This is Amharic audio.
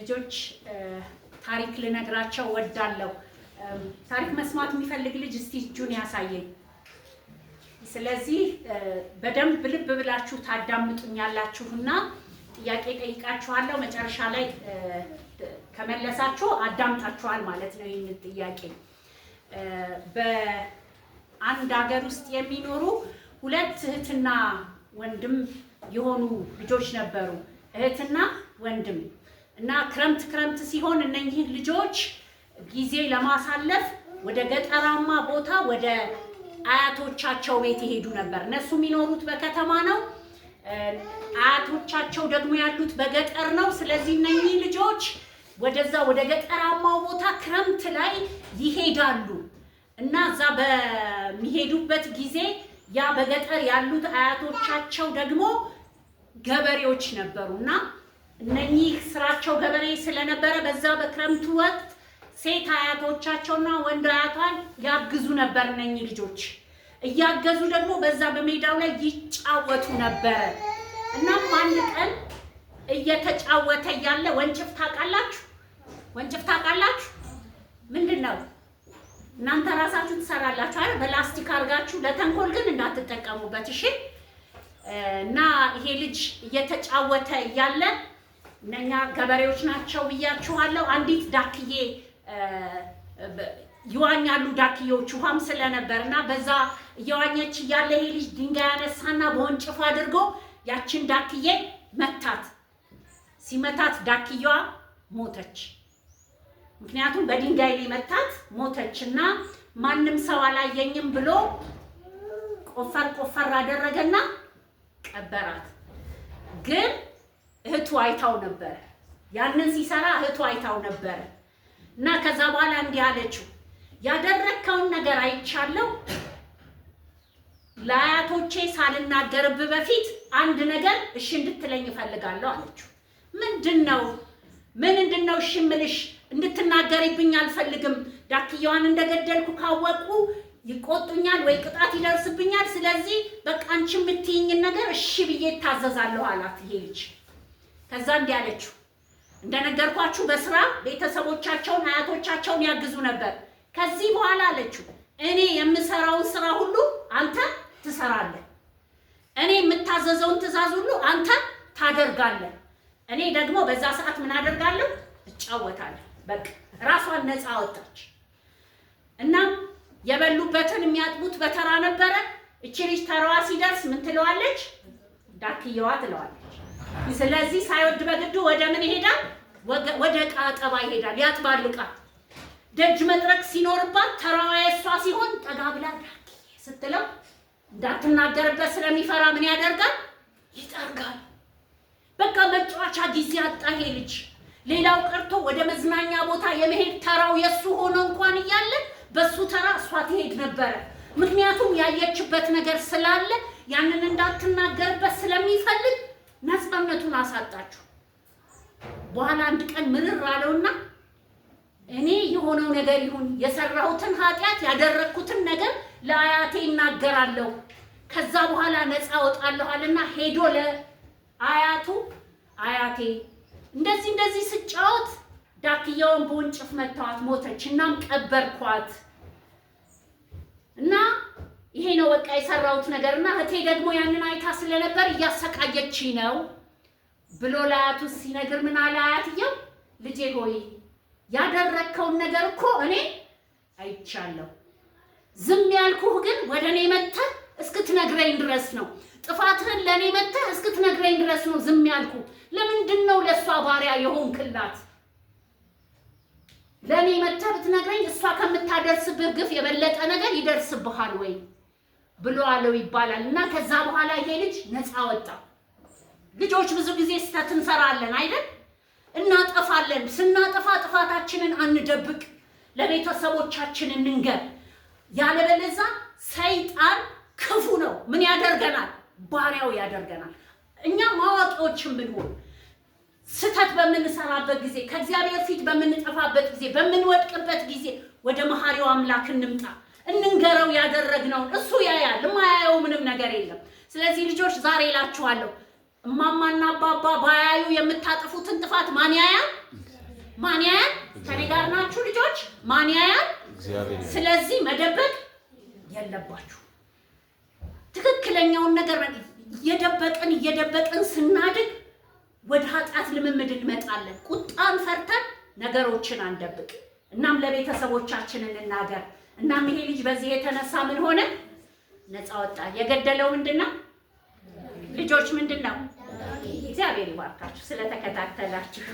ልጆች ታሪክ ልነግራቸው ወዳለሁ። ታሪክ መስማት የሚፈልግ ልጅ እስቲ እጁን ያሳየኝ። ስለዚህ በደንብ ልብ ብላችሁ ታዳምጡኛላችሁና ጥያቄ ጠይቃችኋለሁ። መጨረሻ ላይ ከመለሳችሁ አዳምጣችኋል ማለት ነው። ይህን ጥያቄ በአንድ ሀገር ውስጥ የሚኖሩ ሁለት እህትና ወንድም የሆኑ ልጆች ነበሩ። እህትና ወንድም እና ክረምት ክረምት ሲሆን እነኚህ ልጆች ጊዜ ለማሳለፍ ወደ ገጠራማ ቦታ ወደ አያቶቻቸው ቤት ይሄዱ ነበር። እነሱ የሚኖሩት በከተማ ነው፣ አያቶቻቸው ደግሞ ያሉት በገጠር ነው። ስለዚህ እነኚህ ልጆች ወደዛ ወደ ገጠራማው ቦታ ክረምት ላይ ይሄዳሉ እና እዛ በሚሄዱበት ጊዜ ያ በገጠር ያሉት አያቶቻቸው ደግሞ ገበሬዎች ነበሩ እና እነኚህ ስራቸው ገበሬ ስለነበረ በዛ በክረምቱ ወቅት ሴት አያቶቻቸውና ወንድ አያቷን ያግዙ ነበር። እነኚህ ልጆች እያገዙ ደግሞ በዛ በሜዳው ላይ ይጫወቱ ነበረ። እናም አንድ ቀን እየተጫወተ እያለ ወንጭፍ ታውቃላችሁ? ወንጭፍ ታውቃላችሁ? ምንድን ነው እናንተ ራሳችሁ ትሰራላችሁ አይደል? በላስቲክ አድርጋችሁ ለተንኮል ግን እንዳትጠቀሙበት እሺ። እና ይሄ ልጅ እየተጫወተ እያለ እነኛ ገበሬዎች ናቸው ብያችኋለሁ። አንዲት ዳክዬ ይዋኛሉ ዳክዬዎች ውሃም ስለነበር እና በዛ እየዋኘች እያለ ይሄ ልጅ ድንጋይ ያነሳና በወንጭፉ አድርጎ ያችን ዳክዬ መታት። ሲመታት ዳክዬዋ ሞተች። ምክንያቱም በድንጋይ ላይ መታት ሞተች እና ማንም ሰው አላየኝም ብሎ ቆፈር ቆፈር አደረገና ቀበራት ግን እህቱ አይታው ነበረ። ያንን ሲሰራ እህቱ አይታው ነበረ እና ከዛ በኋላ እንዲህ አለችው፣ ያደረግከውን ነገር አይቻለው። ለአያቶቼ ሳልናገርብ በፊት አንድ ነገር እሺ እንድትለኝ እፈልጋለሁ አለችው። ምንድን ነው? ምን እንድነው? እሺ እምልሽ እንድትናገሪብኝ አልፈልግም። ዳክየዋን እንደገደልኩ ካወቁ ይቆጡኛል ወይ ቅጣት ይደርስብኛል። ስለዚህ በቃ አንቺ የምትይኝን ነገር እሺ ብዬ እታዘዛለሁ አላት ይሄ ልጅ ከዛ እንዲህ አለችው፣ እንደነገርኳችሁ በስራ ቤተሰቦቻቸውን አያቶቻቸውን ያግዙ ነበር። ከዚህ በኋላ አለችው እኔ የምሰራውን ስራ ሁሉ አንተ ትሰራለህ፣ እኔ የምታዘዘውን ትእዛዝ ሁሉ አንተ ታደርጋለህ። እኔ ደግሞ በዛ ሰዓት ምን አደርጋለሁ? እጫወታለሁ። በቃ ራሷን ነፃ አወጣች። እናም የበሉበትን የሚያጥቡት በተራ ነበረ። እቺ ልጅ ተራዋ ሲደርስ ምን ትለዋለች? ዳክየዋ ትለዋለች። ስለዚህ ሳይወድ በግዱ ወደ ምን ይሄዳል? ወደ ዕቃ አጠባ ይሄዳል። ያጥባልቃል። ደጅ መጥረቅ ሲኖርባት ተራዋ የእሷ ሲሆን ጠጋ ብላ ዳክ ስትለው እንዳትናገርበት ስለሚፈራ ምን ያደርጋል? ይጠርጋል። በቃ መጫወቻ ጊዜ አጣ ይሄ ልጅ። ሌላው ቀርቶ ወደ መዝናኛ ቦታ የመሄድ ተራው የእሱ ሆኖ እንኳን እያለ በሱ ተራ እሷ ትሄድ ነበረ። ምክንያቱም ያየችበት ነገር ስላለ ያንን እንዳትናገርበት ስለሚፈልግ ሰውነቱን አሳጣችሁ። በኋላ አንድ ቀን ምርር አለውና እኔ የሆነው ነገር ይሁን የሰራሁትን ኃጢአት ያደረግኩትን ነገር ለአያቴ ይናገራለሁ፣ ከዛ በኋላ ነፃ አለና ሄዶ ለአያቱ አያቴ እንደዚህ እንደዚህ ስጫወት ዳክያውን በወንጭፍ መታዋት ሞተች፣ እናም ቀበርኳት እና ይሄ ነው በቃ የሰራሁት ነገር እና እህቴ ደግሞ ያንን አይታ ስለነበር እያሰቃየች ነው ብሎ ለአያቱ ሲነግር ምን አለ አያትየው? ልጄ ሆይ ያደረግከውን ነገር እኮ እኔ አይቻለሁ። ዝም ያልኩህ ግን ወደ እኔ መጥተህ እስክትነግረኝ ድረስ ነው። ጥፋትህን ለእኔ መጥተህ እስክትነግረኝ ድረስ ነው ዝም ያልኩ። ለምንድን ነው ለእሷ ባሪያ የሆንክላት? ለእኔ መጥተህ ብትነግረኝ እሷ ከምታደርስብህ ግፍ የበለጠ ነገር ይደርስብሃል ወይ ብሎ አለው ይባላል እና ከዛ በኋላ ይሄ ልጅ ነፃ ወጣ። ልጆች ብዙ ጊዜ ስህተት እንሰራለን አይደል? እናጠፋለን። ስናጠፋ ጥፋታችንን አንደብቅ፣ ለቤተሰቦቻችን እንንገር። ያለበለዛ ሰይጣን ክፉ ነው። ምን ያደርገናል? ባሪያው ያደርገናል። እኛ ማዋቂዎችን ብንሆን ስህተት በምንሰራበት ጊዜ፣ ከእግዚአብሔር ፊት በምንጠፋበት ጊዜ፣ በምንወድቅበት ጊዜ ወደ መሐሪው አምላክ እንምጣ፣ እንንገረው ያደረግነውን። እሱ ያያል። የማያየው ምንም ነገር የለም። ስለዚህ ልጆች ዛሬ እላችኋለሁ እማማና አባባ ባያዩ የምታጠፉትን ጥፋት ማን ያያል? ማን ያያል? ከኔ ጋር ናችሁ ልጆች? ማን ያያል? ስለዚህ መደበቅ የለባችሁ። ትክክለኛውን ነገር እየደበቅን እየደበቅን ስናድግ ወደ ኃጢአት ልምምድ እንመጣለን። ቁጣን ፈርተን ነገሮችን አንደብቅ። እናም ለቤተሰቦቻችን እንናገር። እናም ይሄ ልጅ በዚህ የተነሳ ምን ሆነ? ነፃ ወጣ። የገደለው ምንድን ነው? ልጆች ምንድን ነው እግዚአብሔር ይባርካችሁ ስለተከታተላችሁ።